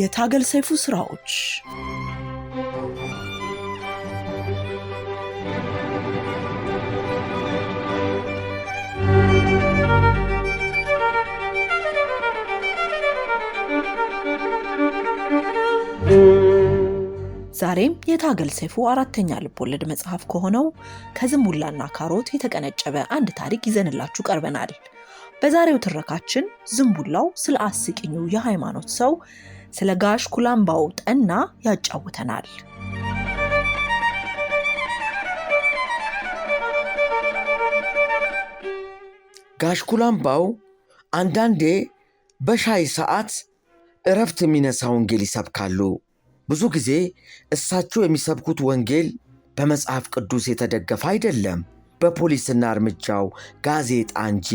የታገል ሰይፉ ስራዎች ዛሬም የታገል ሰይፉ አራተኛ ልቦለድ መጽሐፍ ከሆነው ከዝንቡላና ካሮት የተቀነጨበ አንድ ታሪክ ይዘንላችሁ ቀርበናል። በዛሬው ትረካችን ዝንቡላው ስለ አስቂኙ የሃይማኖት ሰው ስለ ጋሽ ኩላምባው ጠና ያጫውተናል። ጋሽ ኩላምባው አንዳንዴ በሻይ ሰዓት እረፍት የሚነሳ ወንጌል ይሰብካሉ። ብዙ ጊዜ እሳቸው የሚሰብኩት ወንጌል በመጽሐፍ ቅዱስ የተደገፈ አይደለም፣ በፖሊስና እርምጃው ጋዜጣ እንጂ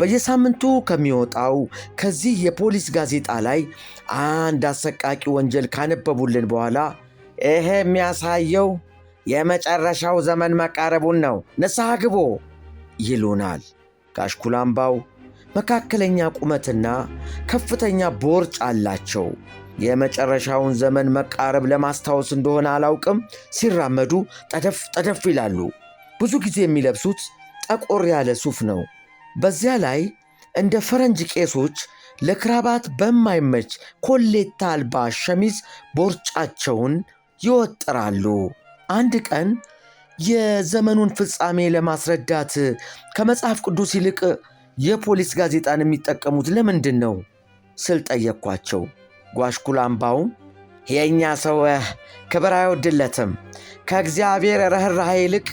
በየሳምንቱ ከሚወጣው ከዚህ የፖሊስ ጋዜጣ ላይ አንድ አሰቃቂ ወንጀል ካነበቡልን በኋላ ይሄ የሚያሳየው የመጨረሻው ዘመን መቃረቡን ነው፣ ንስሐ ግቦ ይሉናል። ጋሽ ኩላምባው መካከለኛ ቁመትና ከፍተኛ ቦርጭ አላቸው። የመጨረሻውን ዘመን መቃረብ ለማስታወስ እንደሆነ አላውቅም፣ ሲራመዱ ጠደፍ ጠደፍ ይላሉ። ብዙ ጊዜ የሚለብሱት ጠቆር ያለ ሱፍ ነው። በዚያ ላይ እንደ ፈረንጅ ቄሶች ለክራባት በማይመች ኮሌታ አልባ ሸሚዝ ቦርጫቸውን ይወጥራሉ። አንድ ቀን የዘመኑን ፍጻሜ ለማስረዳት ከመጽሐፍ ቅዱስ ይልቅ የፖሊስ ጋዜጣን የሚጠቀሙት ለምንድን ነው ስል ጠየቅኳቸው። ጓሽኩላምባውም የእኛ ሰው ክብር አይወድለትም፣ ከእግዚአብሔር ርኅራኄ ይልቅ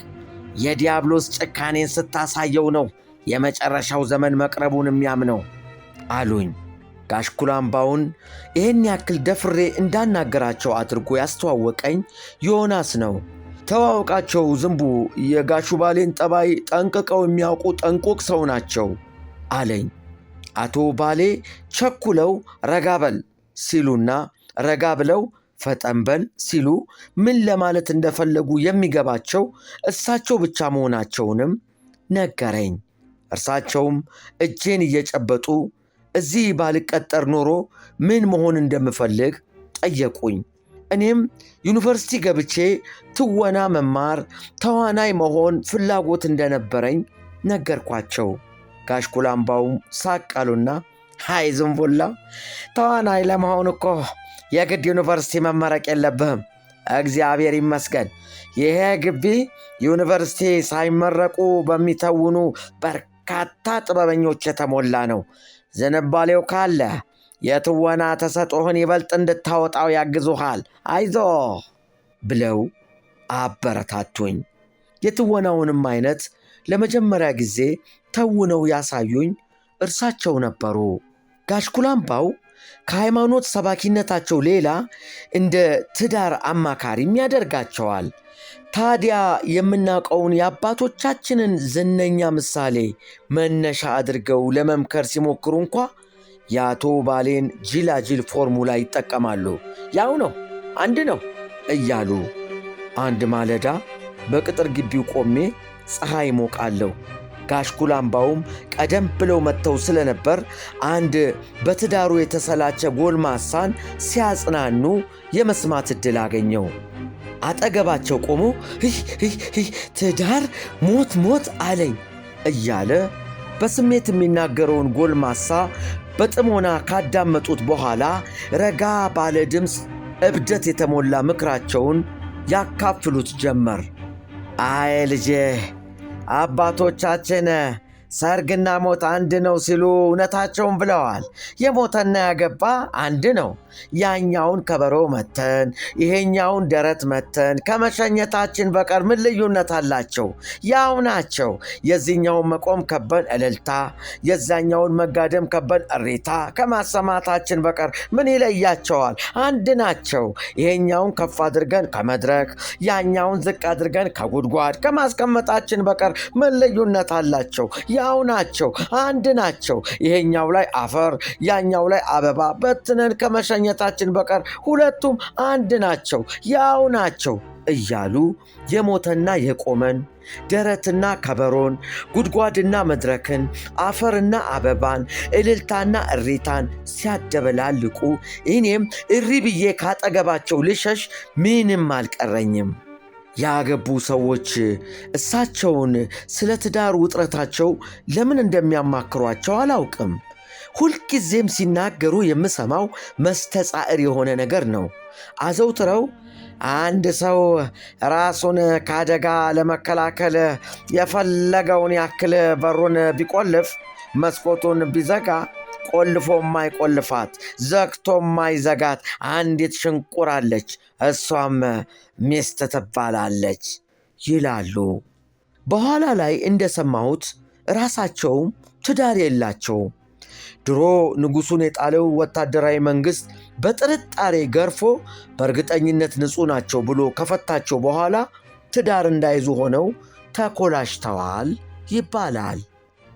የዲያብሎስ ጭካኔን ስታሳየው ነው የመጨረሻው ዘመን መቅረቡን የሚያምነው አሉኝ። ጋሽ ኩላምባውን ይህን ያክል ደፍሬ እንዳናገራቸው አድርጎ ያስተዋወቀኝ ዮናስ ነው። ተዋውቃቸው ዝንቡ የጋሹ ባሌን ጠባይ ጠንቅቀው የሚያውቁ ጠንቁቅ ሰው ናቸው አለኝ። አቶ ባሌ ቸኩለው ረጋ በል ሲሉና ረጋ ብለው ፈጠንበል ሲሉ ምን ለማለት እንደፈለጉ የሚገባቸው እሳቸው ብቻ መሆናቸውንም ነገረኝ። እርሳቸውም እጄን እየጨበጡ እዚህ ባልቀጠር ኖሮ ምን መሆን እንደምፈልግ ጠየቁኝ። እኔም ዩኒቨርሲቲ ገብቼ ትወና መማር፣ ተዋናይ መሆን ፍላጎት እንደነበረኝ ነገርኳቸው። ጋሽ ኩላምባውም ሳቅ አሉና ሃይ ዝንቡላ፣ ተዋናይ ለመሆን እኮ የግድ ዩኒቨርሲቲ መመረቅ የለብህም። እግዚአብሔር ይመስገን ይሄ ግቢ ዩኒቨርሲቲ ሳይመረቁ በሚተውኑ በርካ በርካታ ጥበበኞች የተሞላ ነው። ዝንባሌው ካለ የትወና ተሰጦህን ይበልጥ እንድታወጣው ያግዙሃል። አይዞ ብለው አበረታቱኝ። የትወናውንም አይነት ለመጀመሪያ ጊዜ ተውነው ያሳዩኝ እርሳቸው ነበሩ። ጋሽ ኩላምባው ከሃይማኖት ሰባኪነታቸው ሌላ እንደ ትዳር አማካሪም ያደርጋቸዋል። ታዲያ የምናውቀውን የአባቶቻችንን ዝነኛ ምሳሌ መነሻ አድርገው ለመምከር ሲሞክሩ እንኳ የአቶ ባሌን ጅላጅል ፎርሙላ ይጠቀማሉ። ያው ነው አንድ ነው እያሉ አንድ ማለዳ በቅጥር ግቢው ቆሜ ፀሐይ ሞቃለሁ። ጋሽ ኩላምባውም ቀደም ብለው መጥተው ስለነበር አንድ በትዳሩ የተሰላቸ ጎልማሳን ሲያጽናኑ የመስማት ዕድል አገኘው። አጠገባቸው ቆሞ ትዳር ሞት ሞት አለኝ እያለ በስሜት የሚናገረውን ጎልማሳ በጥሞና ካዳመጡት በኋላ ረጋ ባለ ድምፅ እብደት የተሞላ ምክራቸውን ያካፍሉት ጀመር። አይ ልጄ አባቶቻችን ሰርግና ሞት አንድ ነው ሲሉ እውነታቸውን ብለዋል። የሞተና ያገባ አንድ ነው። ያኛውን ከበሮ መተን ይሄኛውን ደረት መተን ከመሸኘታችን በቀር ምን ልዩነት አላቸው? ያው ናቸው። የዚህኛውን መቆም ከበን እልልታ፣ የዛኛውን መጋደም ከበን እሪታ ከማሰማታችን በቀር ምን ይለያቸዋል? አንድ ናቸው። ይሄኛውን ከፍ አድርገን ከመድረክ ያኛውን ዝቅ አድርገን ከጉድጓድ ከማስቀመጣችን በቀር ምን ልዩነት አላቸው? ያው ናቸው፣ አንድ ናቸው። ይሄኛው ላይ አፈር፣ ያኛው ላይ አበባ። በትነን ከመሸኘታችን በቀር ሁለቱም አንድ ናቸው፣ ያው ናቸው እያሉ የሞተና የቆመን ደረትና ከበሮን ጉድጓድና መድረክን አፈርና አበባን እልልታና እሪታን ሲያደበላልቁ እኔም እሪ ብዬ ካጠገባቸው ልሸሽ ምንም አልቀረኝም። ያገቡ ሰዎች እሳቸውን ስለ ትዳር ውጥረታቸው ለምን እንደሚያማክሯቸው አላውቅም። ሁልጊዜም ሲናገሩ የምሰማው መስተጻእር የሆነ ነገር ነው። አዘውትረው አንድ ሰው ራሱን ከአደጋ ለመከላከል የፈለገውን ያክል በሩን ቢቆልፍ መስኮቱን ቢዘጋ ቆልፎ ማይቆልፋት ዘግቶ ማይዘጋት አንዲት ሽንቁር አለች፣ እሷም ሚስት ትባላለች ይላሉ። በኋላ ላይ እንደሰማሁት ራሳቸውም ትዳር የላቸውም። ድሮ ንጉሡን የጣለው ወታደራዊ መንግሥት በጥርጣሬ ገርፎ በእርግጠኝነት ንጹሕ ናቸው ብሎ ከፈታቸው በኋላ ትዳር እንዳይዙ ሆነው ተኮላሽተዋል ይባላል።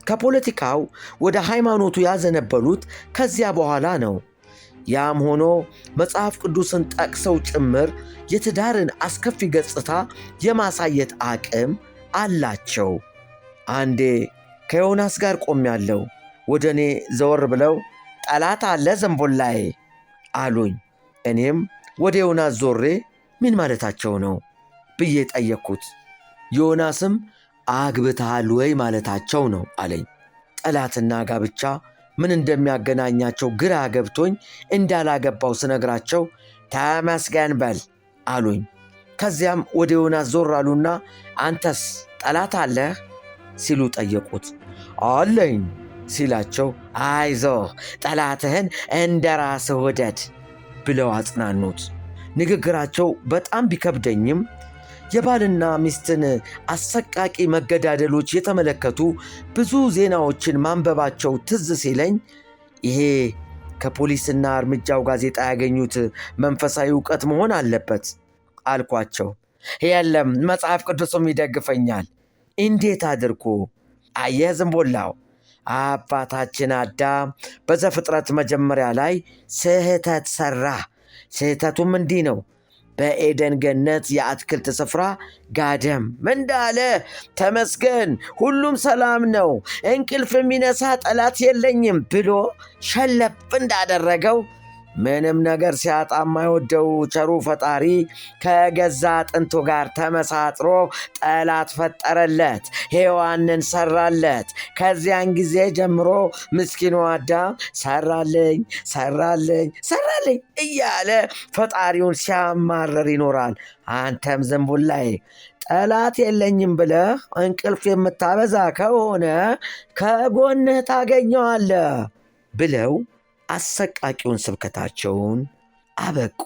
ከፖለቲካው ወደ ሃይማኖቱ ያዘነበሉት ከዚያ በኋላ ነው። ያም ሆኖ መጽሐፍ ቅዱስን ጠቅሰው ጭምር የትዳርን አስከፊ ገጽታ የማሳየት አቅም አላቸው። አንዴ ከዮናስ ጋር ቆሜያለሁ። ወደ እኔ ዘወር ብለው ጠላት አለ ዘንቦላዬ አሉኝ። እኔም ወደ ዮናስ ዞሬ ምን ማለታቸው ነው ብዬ ጠየቅኩት። ዮናስም አግብተሃል ወይ ማለታቸው ነው አለኝ። ጠላትና ጋብቻ ምን እንደሚያገናኛቸው ግራ ገብቶኝ እንዳላገባው ስነግራቸው ተመስገን በል አሉኝ። ከዚያም ወደ ዮናስ ዞር አሉና አንተስ ጠላት አለህ ሲሉ ጠየቁት። አለኝ ሲላቸው አይዞህ ጠላትህን እንደ ራስህ ውደድ ብለው አጽናኑት። ንግግራቸው በጣም ቢከብደኝም የባልና ሚስትን አሰቃቂ መገዳደሎች የተመለከቱ ብዙ ዜናዎችን ማንበባቸው ትዝ ሲለኝ ይሄ ከፖሊስና እርምጃው ጋዜጣ ያገኙት መንፈሳዊ እውቀት መሆን አለበት አልኳቸው። የለም መጽሐፍ ቅዱስም ይደግፈኛል። እንዴት አድርጎ? አየህ ዝንቦላው አባታችን አዳም በዘፍጥረት መጀመሪያ ላይ ስህተት ሰራ። ስህተቱም እንዲህ ነው በኤደን ገነት የአትክልት ስፍራ ጋደም እንዳለ ተመስገን፣ ሁሉም ሰላም ነው፣ እንቅልፍ የሚነሳ ጠላት የለኝም ብሎ ሸለብ እንዳደረገው ምንም ነገር ሲያጣ የማይወደው ቸሩ ፈጣሪ ከገዛ አጥንቱ ጋር ተመሳጥሮ ጠላት ፈጠረለት፣ ሔዋንን ሰራለት። ከዚያን ጊዜ ጀምሮ ምስኪኑ አዳም ሰራልኝ፣ ሰራልኝ፣ ሰራልኝ እያለ ፈጣሪውን ሲያማረር ይኖራል። አንተም ዝንቡላይ ጠላት የለኝም ብለህ እንቅልፍ የምታበዛ ከሆነ ከጎንህ ታገኘዋለህ ብለው አሰቃቂውን ስብከታቸውን አበቁ።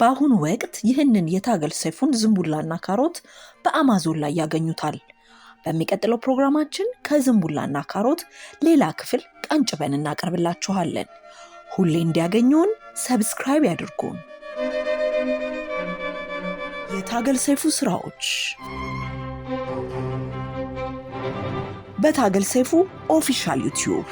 በአሁኑ ወቅት ይህንን የታገል ሰይፉን ዝንቡላና ካሮት በአማዞን ላይ ያገኙታል። በሚቀጥለው ፕሮግራማችን ከዝንቡላና ካሮት ሌላ ክፍል ቀንጭበን እናቀርብላችኋለን። ሁሌ እንዲያገኙን ሰብስክራይብ ያድርጉን። የታገል ሰይፉ ስራዎች በታገል ሰይፉ ኦፊሻል ዩቲዩብ